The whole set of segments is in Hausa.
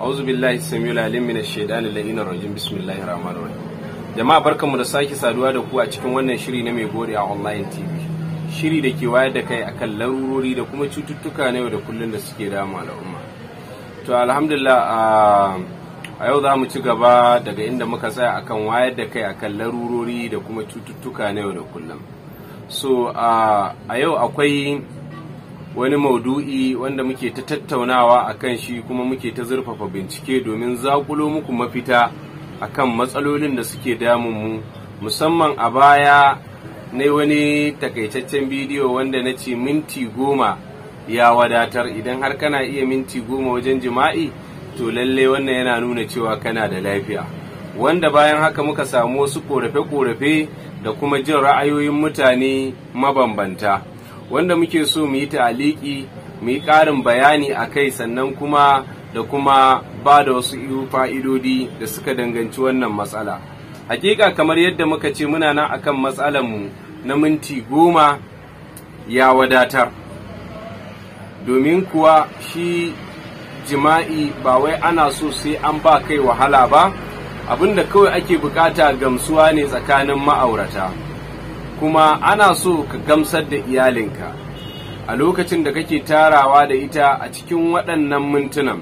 Auzu billahi samiyul alim min ash-shaytan al-ladina bismillahir rahmanir rahim. Jama'a da sake saduwa da ku a cikin wannan shiri na mai gori a online TV. Shiri da ke wayar da kai akan larurori da kuma cututtuka na yau da kullun da suke dama al'umma. To alhamdulillah a yau za mu ci gaba daga inda muka tsaya akan wayar da kai akan larurori da kuma cututtuka na yau da kullum. So a yau akwai wani maudu'i wanda muke ta tattaunawa a kan shi kuma muke ta zurfafa bincike domin zakulo muku mafita a kan matsalolin da suke damunmu musamman a baya na wani takaitaccen bidiyo wanda na ce minti goma ya wadatar idan har kana iya minti goma wajen jima'i to lalle wannan yana nuna cewa kana da lafiya wanda bayan haka muka samu wasu korafe-korafe da kuma jin ra'ayoyin mutane mabambanta wanda muke so mu yi ta'aliki mu yi ƙarin bayani a kai sannan kuma da kuma ba da wasu fa'idodi da suka danganci wannan matsala hakika kamar yadda muka ce muna nan akan mu na minti goma ya wadatar domin kuwa shi jima'i ba wai ana so sai an ba kai wahala ba da kawai ake bukata gamsuwa ne tsakanin ma'aurata. kuma ana so ka gamsar da iyalinka a lokacin da kake tarawa da ita a cikin waɗannan mintunan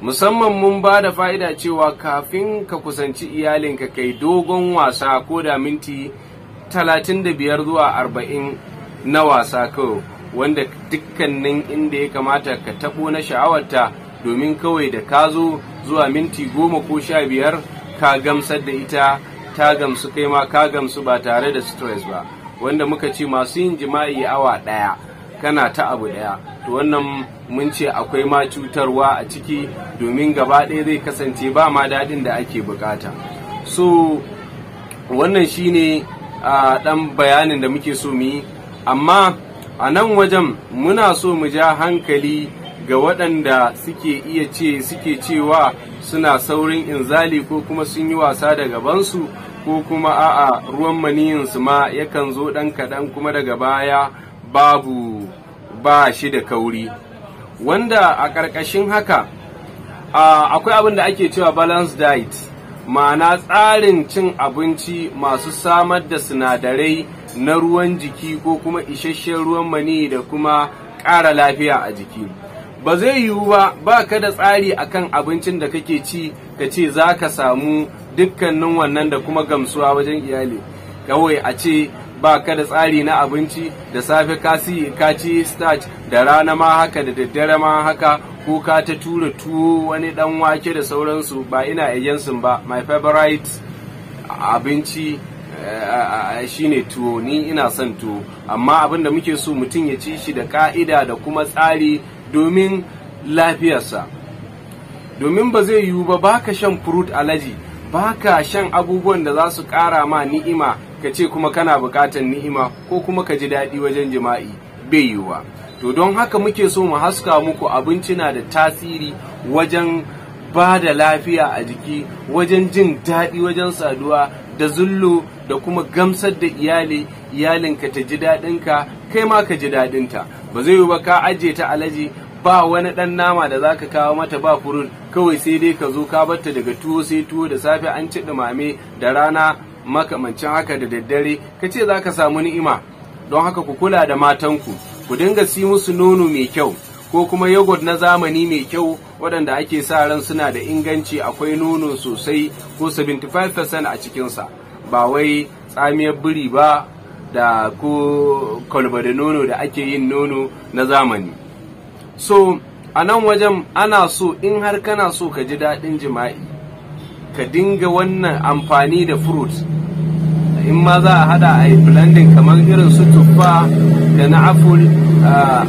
musamman mun ba da fa'ida cewa kafin ka kusanci iyalinka kai dogon wasa ko da minti 35 zuwa 40 na wasa kawai wanda dukkanin inda ya kamata ka taɓo na sha'awarta domin kawai da ka zo zuwa minti goma ko sha biyar ka gamsar da ita ta gamsu kai ma ka gamsu ba tare da stress ba wanda muka ce masu yin jima'i awa ɗaya kana ta abu ɗaya to wannan mun ce akwai ma cutarwa a ciki domin gaba ɗaya zai kasance ba ma daɗin da ake bukata so wannan shine a ɗan bayanin da muke so mu yi amma a nan wajen muna so mu ja hankali ga waɗanda suke iya ce suke cewa suna saurin inzali ko kuma sun yi wasa da gabansu ko kuma a'a ruwan maniyin su ma yakan zo ɗan kaɗan kuma daga baya babu ba shi da kauri wanda a ƙarƙashin haka akwai abin da ake cewa balance diet ma'ana tsarin cin abinci masu samar da sinadarai na ruwan jiki ko kuma isasshen ruwan mani da kuma ƙara lafiya a jiki ba zai yiwu ba ba ka da tsari akan abincin da kake ci ka ce za ka samu dukkanin wannan da kuma gamsuwa wajen iyali kawai a ce ba ka da tsari na abinci da safe ka ci starch da rana ma haka da daddare ma haka ko ka ta tura tuwo wani dan wake da sauransu ba ina ayyansu ba my favorite abinci eh, eh, shine tuwo ni ina son tuwo amma abin da muke so mutum ya ci shi da ka'ida da kuma tsari domin lafiyarsa domin ba zai yiwu ba ba ka shan fruit allergy. ba ka shan abubuwan da za su ƙara ma ni'ima ka ce kuma kana buƙatar ni'ima ko kuma ka ji daɗi wajen jima'i bai yiwuwa to don haka muke so mu haska muku abinci na da tasiri wajen ba da lafiya a jiki wajen jin daɗi wajen saduwa da zullo da kuma gamsar da iyali iyalinka ta ji daɗinka kai ma ka ji daɗinta ba zai yi ba ka ajiye ta alaji ba wani ɗan nama da za ka kawo mata ba kurun kawai sai dai ka zo ka batta daga tuwo sai tuwo da safe an ci ɗumame da rana makamancin haka da daddare ka ce za ka samu ni'ima don haka ku kula da matanku ku dinga si musu nono mai kyau ko kuma yogurt na zamani mai kyau waɗanda ake sa ran suna da inganci akwai nono sosai ko 75% a cikinsa ba wai tsamiyar biri ba da ko kwalba da nono da ake yin nono na zamani so a nan wajen ana so in har kana so ka ji daɗin jima'i ka dinga wannan amfani da fruit in ma za a hada a yi blending kamar irin su tuffa da na apple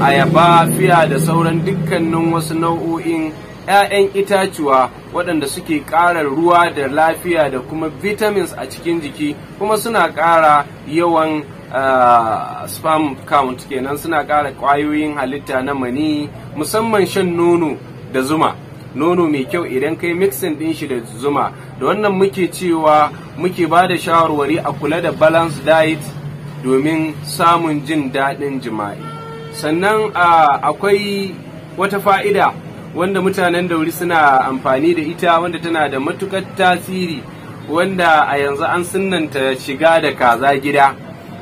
ayaba fiya da sauran dukkanin wasu nau'o'in 'ya'yan itacuwa waɗanda suke ƙara ruwa da lafiya da kuma vitamins a cikin jiki kuma suna ƙara yawan sperm count kenan suna ƙara ƙwayoyin halitta na mani musamman shan nono da zuma nono mai kyau idan kai mixing din shi da zuma da wannan muke cewa muke ba da shawarwari a kula da balanced diet domin samun jin daɗin jima'i sannan akwai wata fa'ida wanda mutanen da wuri suna amfani da ita wanda tana da matukar tasiri wanda a yanzu an sunanta shiga da kaza gida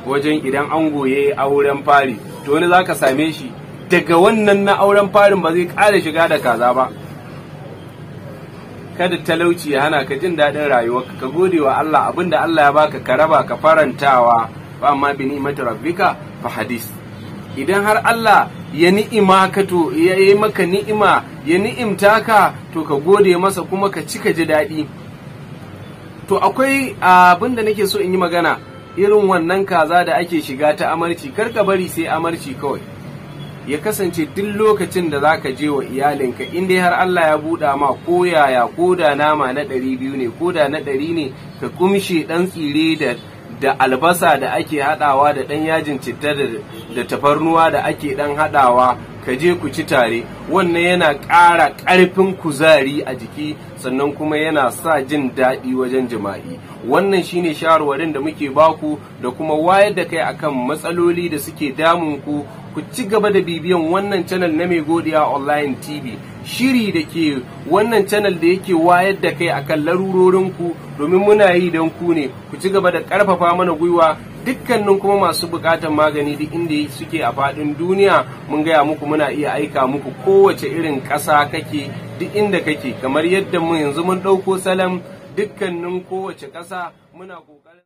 wajen idan an goye auren fari to wani za ka same shi daga wannan na auren farin ba zai ƙara shiga da kaza ba kada talauci ya hana ka jin daɗin rayuwa, ka gode wa Allah abinda Allah ya baka ka raba ka farantawa ba amma bi ni'imati rabbika fa hadis idan har Allah ya ni'ima ka to ya yi maka ni'ima ya ni'imta ka to ka gode masa kuma ka cika ji daɗi to akwai ah, abin nake so in yi magana irin wannan kaza da ake shiga ta amarci karka bari sai amarci kawai ya kasance duk lokacin da za ka je wa iyalinka in dai har Allah ya buɗa ma ko yaya ko da nama na ɗari biyu ne ko da na ɗari ne ka kumshe ɗan tsire da da albasa da ake haɗawa da ɗan yajin citta da tafarnuwa da ake ɗan haɗawa ka je ku ci tare wannan yana ƙara ƙarfin kuzari a jiki sannan kuma yana sa jin daɗi wajen jima'i wannan shine shawarwarin da muke baku da kuma wayar da kai akan matsaloli da suke damun ku ku ci gaba da bibiyan wannan channel na mai godiya online tv shiri da ke wannan channel da yake wayar da kai akan larurorinku domin muna yi don ku ne ku ci gaba da ƙarfafa mana gwiwa dukkanin kuma masu bukatan magani duk inda suke a faɗin duniya mun gaya muku muna iya aika muku kowace irin ƙasa kake duk inda kake kamar yadda mu yanzu mun ɗauko salam dukkanin kowace ƙasa muna kokarin...